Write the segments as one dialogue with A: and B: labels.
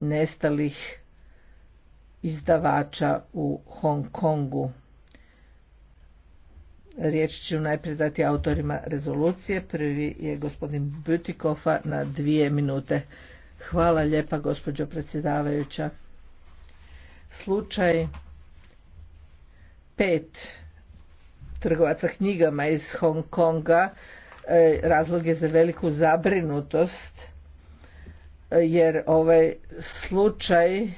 A: nestalih izdavača u Hong Kongu. Riječ ću najprije dati autorima rezolucije. Prvi je gospodin Butikofa na dvije minute. Hvala lijepa gospođo predsjedavajuća. Slučaj pet trgovaca knjigama iz Hong Konga e, razlog je za veliku zabrinutost jer ovaj slučaj e,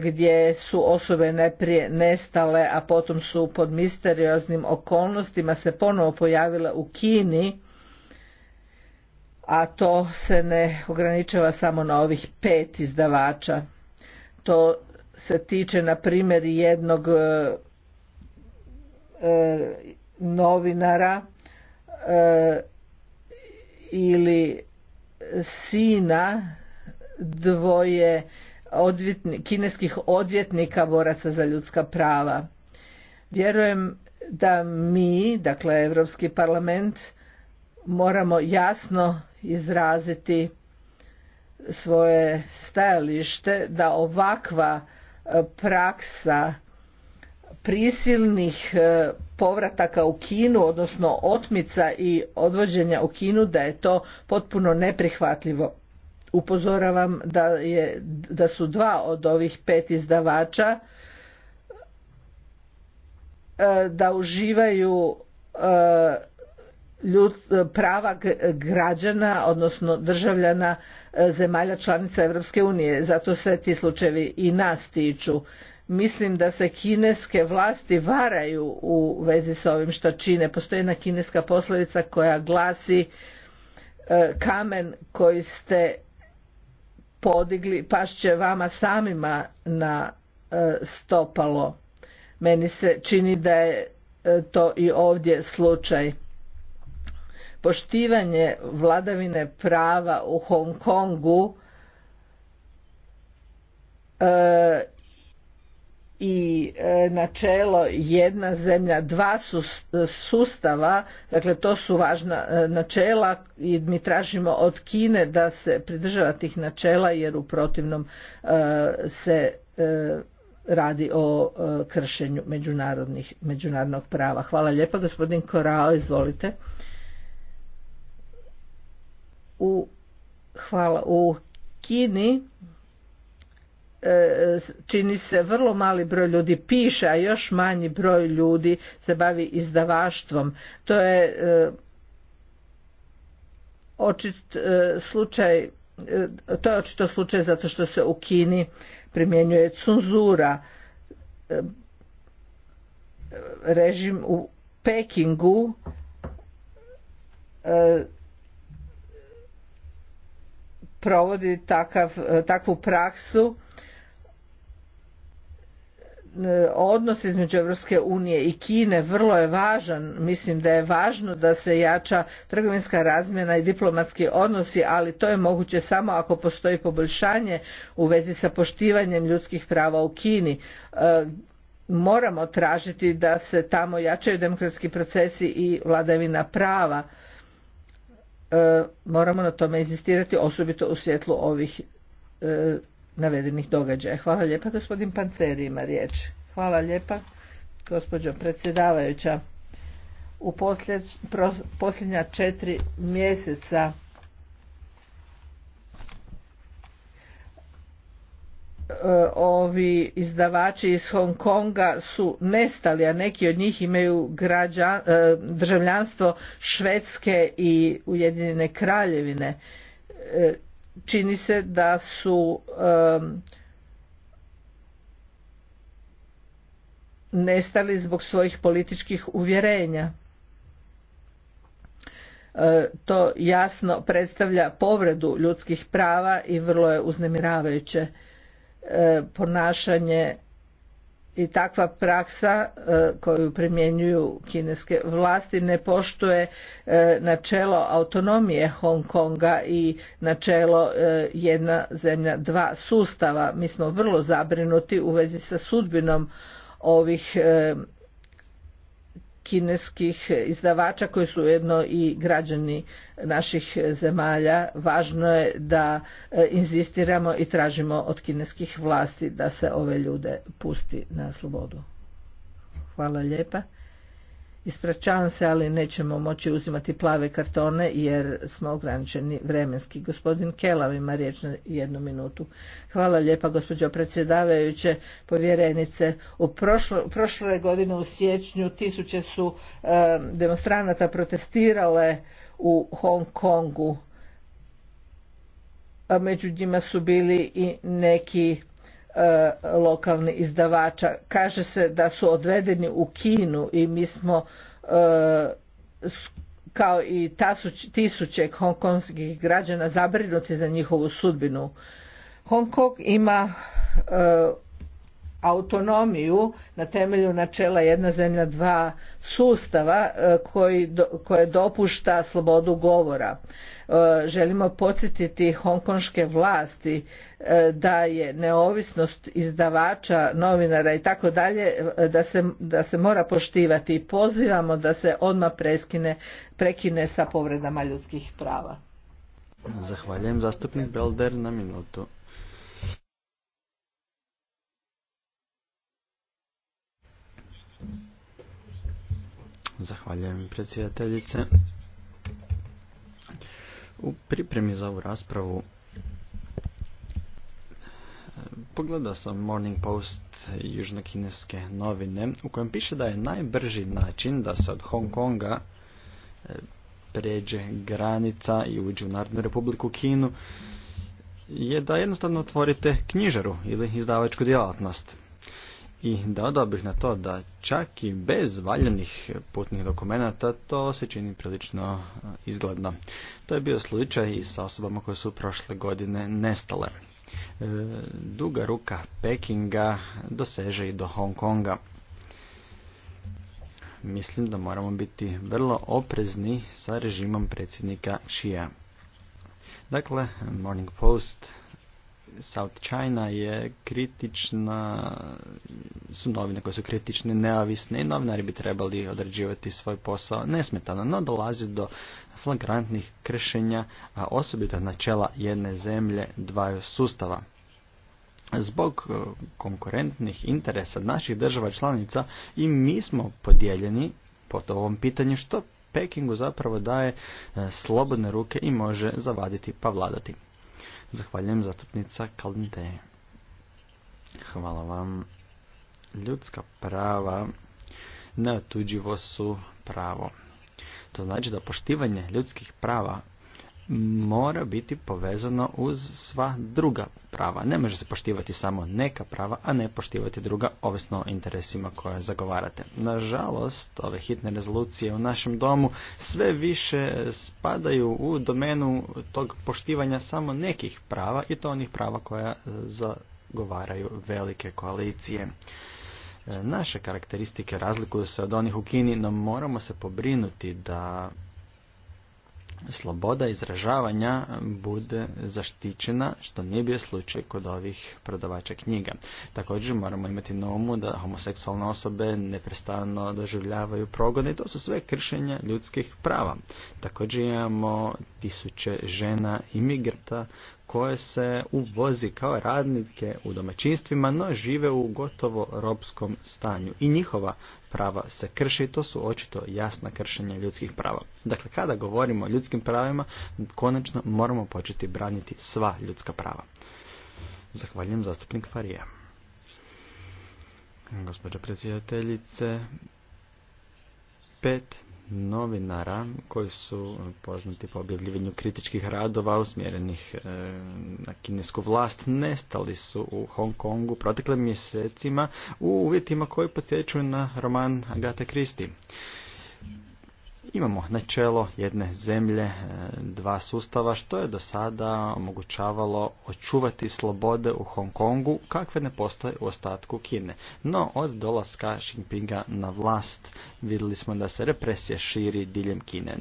A: gdje su osobe najprije nestale, a potom su pod misterioznim okolnostima se ponovo pojavile u Kini, a to se ne ograničava samo na ovih pet izdavača. To se tiče na primjer jednog e, e, novinara ili sina dvoje odvjetni, kineskih odvjetnika boraca za ljudska prava. Vjerujem da mi, dakle Europski parlament, moramo jasno izraziti svoje stajalište da ovakva e, praksa prisilnih e, povrataka u Kinu, odnosno otmica i odvođenja u Kinu, da je to potpuno neprihvatljivo. Upozoravam da, je, da su dva od ovih pet izdavača e, da uživaju e, prava građana, odnosno državljana e, zemalja članica Europske unije. Zato se ti slučajevi i nas tiču mislim da se kineske vlasti varaju u vezi sa ovim što čine. Postoji jedna kineska poslovica koja glasi e, kamen koji ste podigli pašće vama samima na e, stopalo. Meni se čini da je e, to i ovdje slučaj. Poštivanje vladavine prava u Hong Kongu i e, načelo jedna zemlja dva e, sustava dakle to su važna e, načela i mi tražimo od Kine da se pridržava tih načela jer u protivnom se radi o kršenju međunarodnih, međunarodnog prava. Hvala lijepa gospodin Korao, izvolite. U, hvala. U Kini E, čini se vrlo mali broj ljudi piše, a još manji broj ljudi se bavi izdavaštvom. To je e, očit e, slučaj to je očito slučaj zato što se u Kini primjenjuje cenzura režim u Pekingu provodi takav, takvu praksu E, odnos između Europske unije i Kine vrlo je važan. Mislim da je važno da se jača trgovinska razmjena i diplomatski odnosi, ali to je moguće samo ako postoji poboljšanje u vezi sa poštivanjem ljudskih prava u Kini. E, moramo tražiti da se tamo jačaju demokratski procesi i vladavina prava. E, moramo na tome inzistirati osobito u svjetlu ovih navedenih događaja. Hvala lijepa. Gospodin Panceri ima riječ. Hvala lijepa. Gospođo predsjedavajuća, u posljednja, četiri mjeseca e, ovi izdavači iz Hong Konga su nestali, a neki od njih imaju građan, e, državljanstvo Švedske i Ujedinjene kraljevine. E, čini se da su nestali zbog svojih političkih uvjerenja e, to jasno predstavlja povredu ljudskih prava i vrlo je uznemiravajuće e, ponašanje i takva praksa e, koju primjenjuju kineske vlasti ne poštuje e, načelo autonomije Hong Konga i načelo e, jedna zemlja dva sustava. Mi smo vrlo zabrinuti u vezi sa sudbinom ovih kineskih izdavača koji su ujedno i građani naših zemalja. Važno je da e, inzistiramo i tražimo od kineskih vlasti da se ove ljude pusti na slobodu. Hvala lijepa. Ispraćavam se, ali nećemo moći uzimati plave kartone jer smo ograničeni vremenski. Gospodin Kelav ima riječ na jednu minutu. Hvala lijepa gospođo predsjedavajuće povjerenice. U prošlo, prošle godine u siječnju tisuće su eh, demonstranata protestirale u Hong Kongu. A među njima su bili i neki E, lokalni izdavača. Kaže se da su odvedeni u Kinu i mi smo e, kao i tisuće hongkonskih građana zabrinuti za njihovu sudbinu. Hongkong ima e, autonomiju na temelju načela jedna zemlja dva sustava e, koji, koje dopušta slobodu govora. E, želimo podsjetiti hongkonške vlasti e, da je neovisnost izdavača, novinara i tako dalje da se mora poštivati i pozivamo da se odmah preskine, prekine sa povredama ljudskih prava.
B: Zahvaljujem zastupnik Belder na minutu. Zahvaljujem predsjedateljice. U pripremi za ovu raspravu e, pogledao sam Morning Post južnokineske novine u kojem piše da je najbrži način da se od Hong Konga e, pređe granica i uđe u Narodnu republiku Kinu je da jednostavno otvorite knjižaru ili izdavačku djelatnost. I dodao bih na to da čak i bez valjenih putnih dokumenata to se čini prilično e, izgledno. To je bio slučaj i sa osobama koje su prošle godine nestale. E, duga ruka Pekinga doseže i do Hong Konga. Mislim da moramo biti vrlo oprezni sa režimom predsjednika Xi'a. Dakle, Morning Post South China je kritična, su novine koje su kritične, neovisne i novinari bi trebali određivati svoj posao nesmetano, no dolazi do flagrantnih kršenja, a osobito načela jedne zemlje dvaju sustava. Zbog e, konkurentnih interesa naših država članica i mi smo podijeljeni po ovom pitanju što Pekingu zapravo daje e, slobodne ruke i može zavaditi pa vladati. Zahvaljujem zastupnica Kalinte. Hvala vam. Ljudska prava na tuđivo su pravo. To znači da poštivanje ljudskih prava mora biti povezano uz sva druga prava. Ne može se poštivati samo neka prava, a ne poštivati druga, ovisno o interesima koje zagovarate. Nažalost, ove hitne rezolucije u našem domu sve više spadaju u domenu tog poštivanja samo nekih prava i to onih prava koja zagovaraju velike koalicije. E, naše karakteristike razlikuju se od onih u Kini, no moramo se pobrinuti da sloboda izražavanja bude zaštićena, što nije bio slučaj kod ovih prodavača knjiga. Također moramo imati na umu da homoseksualne osobe neprestano doživljavaju progone i to su sve kršenja ljudskih prava. Također imamo tisuće žena imigrata koje se uvozi kao radnike u domaćinstvima, no žive u gotovo robskom stanju. I njihova prava se krši i to su očito jasna kršenja ljudskih prava. Dakle, kada govorimo o ljudskim pravima, konačno moramo početi braniti sva ljudska prava. Zahvaljujem zastupnik Farija. Gospođa predsjedateljice, pet novinara koji su poznati po objavljivanju kritičkih radova usmjerenih e, na kinesku vlast nestali su u Hong Kongu proteklim mjesecima u uvjetima koji podsjećuju na roman Agate Kristi. Imamo načelo jedne zemlje, e, dva sustava, što je do sada omogućavalo očuvati slobode u Hong Kongu, kakve ne postoje u ostatku Kine. No, od dolaska Xi Jinpinga na vlast, vidjeli smo da se represija širi diljem Kine.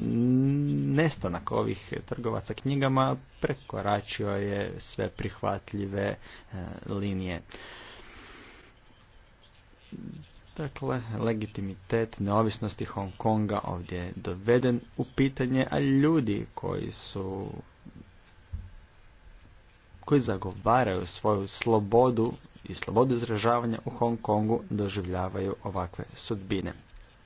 B: Nestanak ovih trgovaca knjigama prekoračio je sve prihvatljive e, linije. Dakle, legitimitet neovisnosti Hong Konga ovdje je doveden u pitanje, a ljudi koji su koji zagovaraju svoju slobodu i slobodu izražavanja u Hong Kongu doživljavaju ovakve sudbine.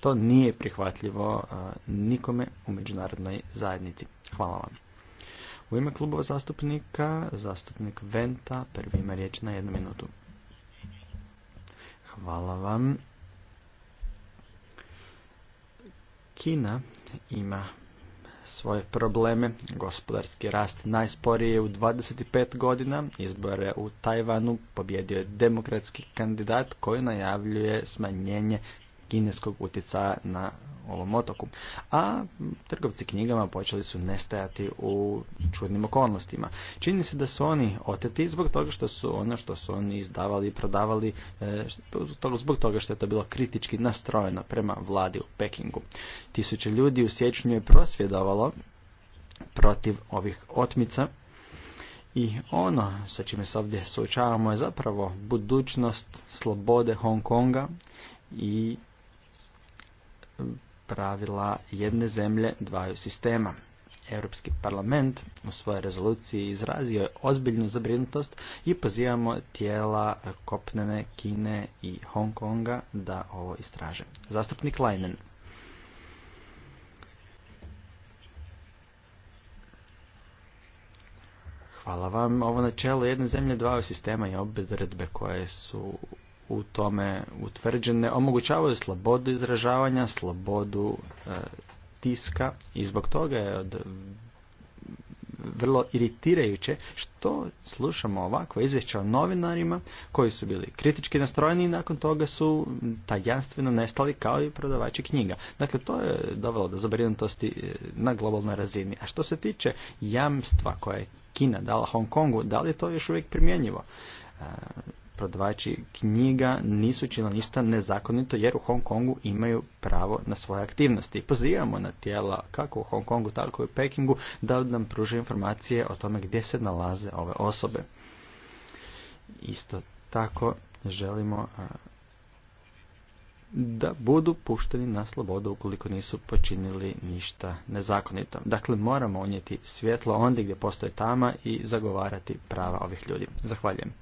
B: To nije prihvatljivo e, nikome u međunarodnoj zajednici. Hvala vam. U ime klubova zastupnika, zastupnik Venta, prvi ima riječ na jednu minutu. Hvala vam. Kina ima svoje probleme, gospodarski rast najsporije je u 25 godina, izbore u Tajvanu pobjedio je demokratski kandidat koji najavljuje smanjenje kineskog utjecaja na ovom otoku. A trgovci knjigama počeli su nestajati u čudnim okolnostima. Čini se da su oni oteti zbog toga što su ono što su oni izdavali i prodavali, e, zbog toga što je to bilo kritički nastrojeno prema vladi u Pekingu. Tisuće ljudi u siječnju je prosvjedovalo protiv ovih otmica i ono sa čime se ovdje suočavamo je zapravo budućnost slobode Hong Konga i pravila jedne zemlje dvaju sistema. Europski parlament u svojoj rezoluciji izrazio je ozbiljnu zabrinutost i pozivamo tijela Kopnene, Kine i Hong Konga da ovo istraže. Zastupnik Leinen. Hvala vam. Ovo načelo jedne zemlje dvaju sistema i obredbe koje su u tome utvrđene omogućavaju slobodu izražavanja, slobodu e, tiska i zbog toga je od vrlo iritirajuće što slušamo ovakva izvješća o novinarima koji su bili kritički nastrojeni i nakon toga su tajanstveno nestali kao i prodavači knjiga. Dakle, to je dovelo do zabrinutosti e, na globalnoj razini. A što se tiče jamstva koje je Kina dala Hong Kongu, da li je to još uvijek primjenjivo? E, prodavači knjiga nisu činili ništa nezakonito jer u Hong Kongu imaju pravo na svoje aktivnosti. Pozivamo na tijela kako u Hong Kongu tako i u Pekingu da nam pruže informacije o tome gdje se nalaze ove osobe. Isto tako želimo da budu pušteni na slobodu ukoliko nisu počinili ništa nezakonito. Dakle, moramo unijeti svjetlo ondje gdje postoje tama i zagovarati prava ovih ljudi. Zahvaljujem.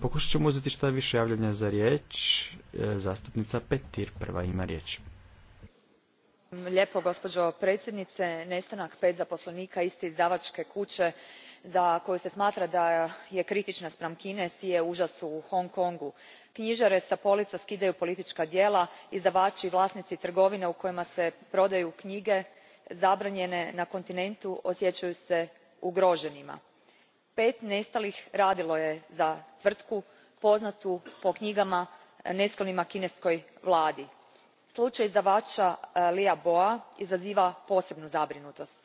B: Pokušat ćemo uzeti šta više javljanja za riječ. E, zastupnica Petir prva ima riječ.
C: Lijepo, gospođo predsjednice. Nestanak pet zaposlenika iste izdavačke kuće za koju se smatra da je kritična spram kine sije užas u hong kongu. knjižare sa polica skidaju politička djela izdavači i vlasnici trgovina u kojima se prodaju knjige zabranjene na kontinentu osjećaju se ugroženima pet nestalih radilo je za tvrtku poznatu po knjigama e, nesklonima kineskoj vladi. slučaj izdavača e, lia boa izaziva posebnu zabrinutost.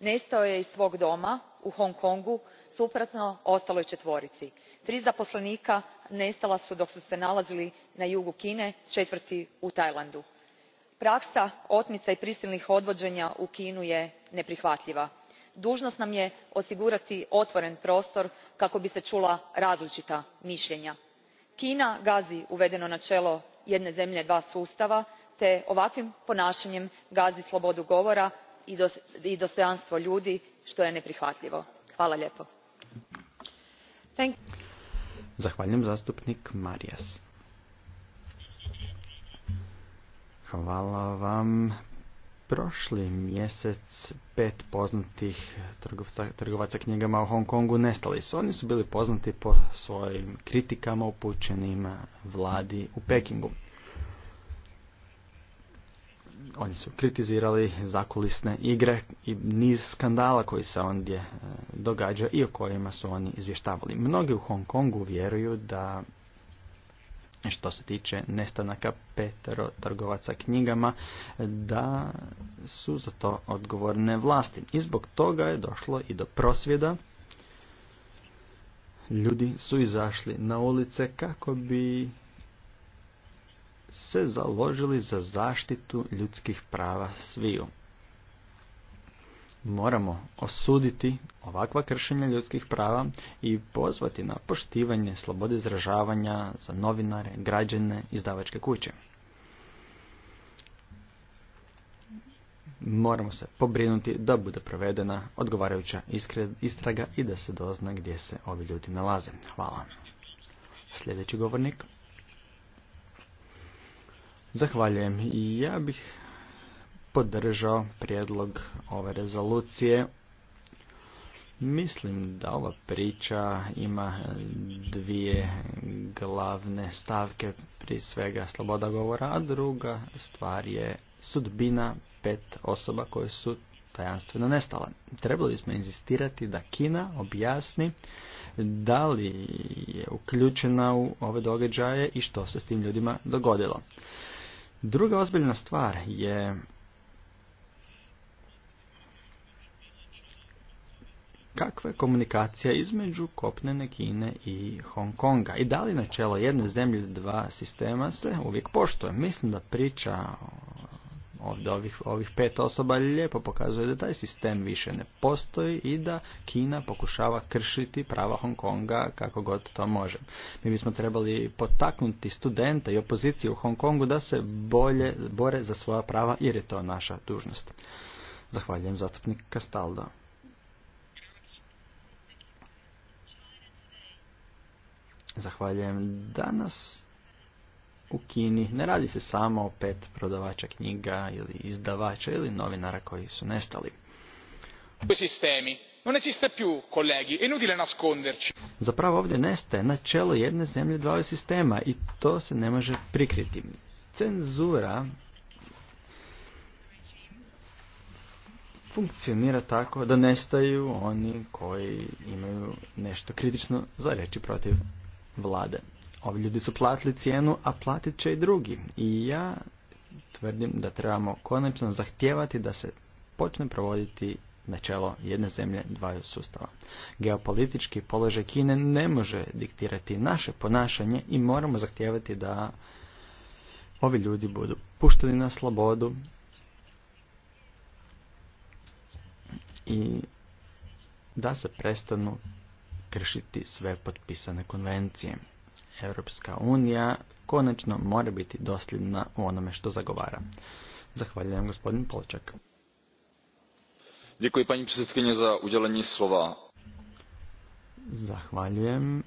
C: nestao je iz svog doma u hong kongu suprotno ostaloj četvorici. tri zaposlenika nestala su dok su se nalazili na jugu kine četvrti u tajlandu. praksa otmica i prisilnih odvođenja u kinu je neprihvatljiva dužnost nam je osigurati otvoren prostor kako bi se čula različita mišljenja. kina gazi uvedeno načelo jedne zemlje dva sustava te ovakvim ponašanjem gazi slobodu govora i dostojanstvo ljudi što je neprihvatljivo. hvala
B: Prošli mjesec pet poznatih trgovaca knjigama u Hong Kongu nestali su. Oni su bili poznati po svojim kritikama upućenim vladi u Pekingu. Oni su kritizirali zakulisne igre i niz skandala koji se ondje e, događa i o kojima su oni izvještavali. Mnogi u Hong Kongu vjeruju da što se tiče nestanaka petero trgovaca knjigama, da su za to odgovorne vlasti. I zbog toga je došlo i do prosvjeda. Ljudi su izašli na ulice kako bi se založili za zaštitu ljudskih prava sviju moramo osuditi ovakva kršenja ljudskih prava i pozvati na poštivanje slobode izražavanja za novinare, građane, izdavačke kuće. Moramo se pobrinuti da bude provedena odgovarajuća istraga i da se dozna gdje se ovi ljudi nalaze. Hvala. Sljedeći govornik. Zahvaljujem. Ja bih podržao prijedlog ove rezolucije. Mislim da ova priča ima dvije glavne stavke, ...pri svega sloboda govora, a druga stvar je sudbina pet osoba koje su tajanstveno nestale. Trebali smo inzistirati da Kina objasni da li je uključena u ove događaje i što se s tim ljudima dogodilo. Druga ozbiljna stvar je kakva je komunikacija između kopnene Kine i Hong Konga i da li načelo jedne zemlje dva sistema se uvijek poštuje. Mislim da priča ovdje ovih, ovih pet osoba lijepo pokazuje da taj sistem više ne postoji i da Kina pokušava kršiti prava Hong Konga kako god to može. Mi bismo trebali potaknuti studenta i opoziciju u Hong Kongu da se bolje bore za svoja prava jer je to naša dužnost. Zahvaljujem zastupnik Castaldo. Zahvaljujem. Danas u Kini ne radi se samo o pet prodavača knjiga ili izdavača ili novinara koji su nestali. Sistemi. Non esiste più, colleghi, inutile nasconderci. Zapravo ovdje nestaje na čelo jedne zemlje dvaju sistema i to se ne može prikriti. Cenzura funkcionira tako da nestaju oni koji imaju nešto kritično za reći protiv vlade. Ovi ljudi su platili cijenu, a platit će i drugi. I ja tvrdim da trebamo konačno zahtijevati da se počne provoditi načelo jedne zemlje dvaju sustava. Geopolitički položaj Kine ne može diktirati naše ponašanje i moramo zahtijevati da ovi ljudi budu pušteni na slobodu i da se prestanu kršiti sve potpisane konvencije. Europska unija konačno mora biti dosljedna u onome što zagovara. Zahvaljujem gospodin Polčak.
C: Děkuji paní předsedkyně za udělení slova.
B: Zahvaljujem.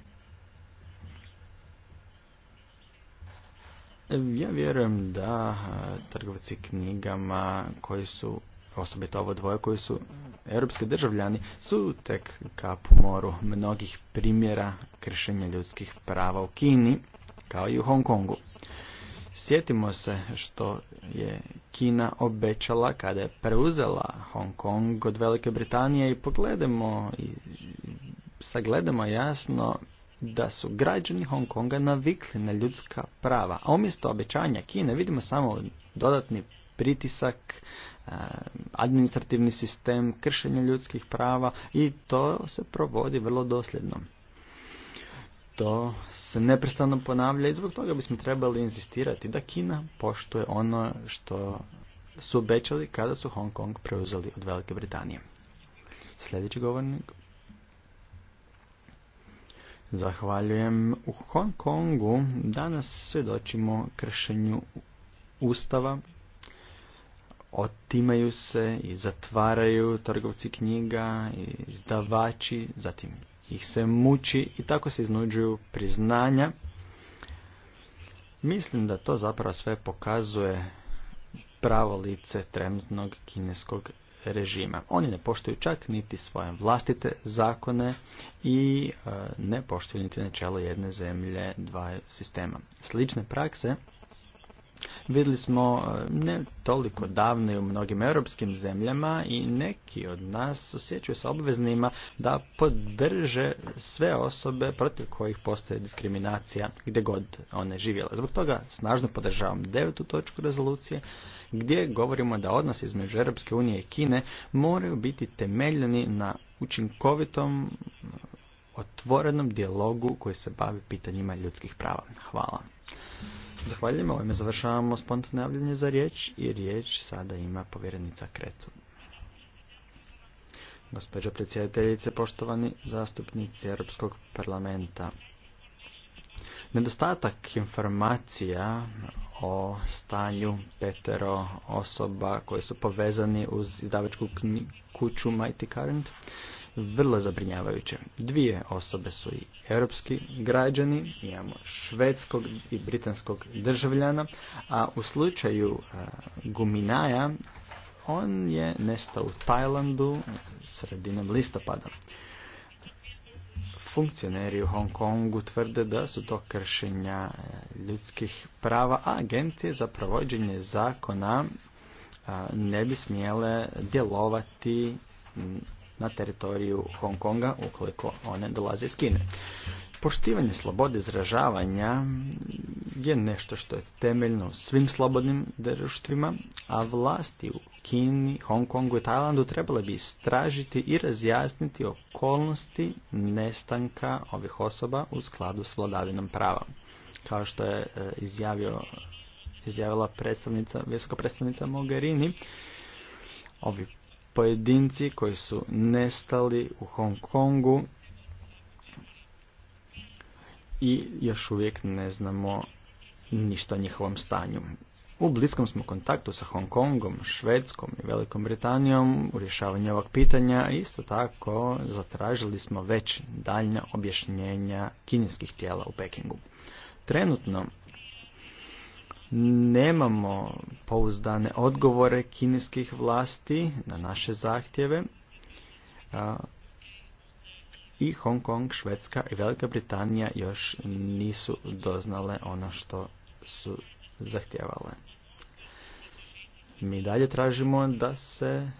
B: Ja vjerujem da eh, trgovci knjigama koji su osobito ovo dvoje koji su europski državljani, su tek kap u moru mnogih primjera kršenja ljudskih prava u Kini, kao i u Hong Kongu. Sjetimo se što je Kina obećala kada je preuzela Hong Kong od Velike Britanije i pogledamo i sagledamo jasno da su građani Hong Konga navikli na ljudska prava, a umjesto obećanja Kine vidimo samo dodatni pritisak, eh, administrativni sistem, kršenje ljudskih prava i to se provodi vrlo dosljedno. To se neprestano ponavlja i zbog toga bismo trebali inzistirati da Kina poštuje ono što su obećali kada su Hong Kong preuzeli od Velike Britanije. Sljedeći govornik. Zahvaljujem. U Hong Kongu danas svjedočimo kršenju ustava otimaju se i zatvaraju trgovci knjiga i izdavači, zatim ih se muči i tako se iznuđuju priznanja. Mislim da to zapravo sve pokazuje pravo lice trenutnog kineskog režima. Oni ne poštuju čak niti svoje vlastite zakone i e, ne poštuju niti načelo jedne zemlje, dva sistema. Slične prakse vidjeli smo e, ne toliko davno i u mnogim europskim zemljama i neki od nas osjećaju se obveznima da podrže sve osobe protiv kojih postoje diskriminacija gdje god one živjela. Zbog toga snažno podržavam devetu točku rezolucije gdje govorimo da odnos između Europske unije i Kine moraju biti temeljeni na učinkovitom otvorenom dijalogu koji se bavi pitanjima ljudskih prava. Hvala. Zahvaljujem, ovime završavamo spontane javljanje za riječ i riječ sada ima povjerenica kretu. Gospođo predsjedateljice, poštovani zastupnici Europskog parlamenta. Nedostatak informacija o stanju petero osoba koje su povezani uz izdavačku kuću Mighty Current vrlo zabrinjavajuće. Dvije osobe su i europski građani, imamo švedskog i britanskog državljana, a u slučaju e, Guminaja on je nestao u Tajlandu sredinom listopada. Funkcioneri u Hong Kongu tvrde da su to kršenja e, ljudskih prava, a agencije za provođenje zakona e, ne bi smjele djelovati na teritoriju Hong Konga ukoliko one dolaze iz Kine. Poštivanje slobode izražavanja je nešto što je temeljno svim slobodnim društvima, a vlasti u Kini, Hong Kongu i Tajlandu trebale bi istražiti i razjasniti okolnosti nestanka ovih osoba u skladu s vladavinom prava. Kao što je e, izjavio, izjavila predstavnica, visoka predstavnica Mogherini, ovi pojedinci koji su nestali u Hong Kongu i još uvijek ne znamo ništa o njihovom stanju. U bliskom smo kontaktu sa Hong Kongom, Švedskom i Velikom Britanijom u rješavanju ovog pitanja. Isto tako zatražili smo već daljnja objašnjenja kineskih tijela u Pekingu. Trenutno nemamo pouzdane odgovore kineskih vlasti na naše zahtjeve i Hong Kong, Švedska i Velika Britanija još nisu doznale ono što su zahtjevale. Mi dalje tražimo da se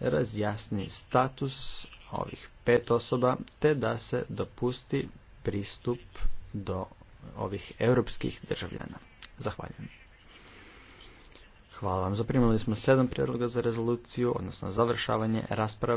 B: razjasni status ovih pet osoba te da se dopusti pristup do ovih europskih državljana. Zahvaljujem. Hvala vam. Zaprimili smo sedam prijedloga za rezoluciju, odnosno završavanje rasprave.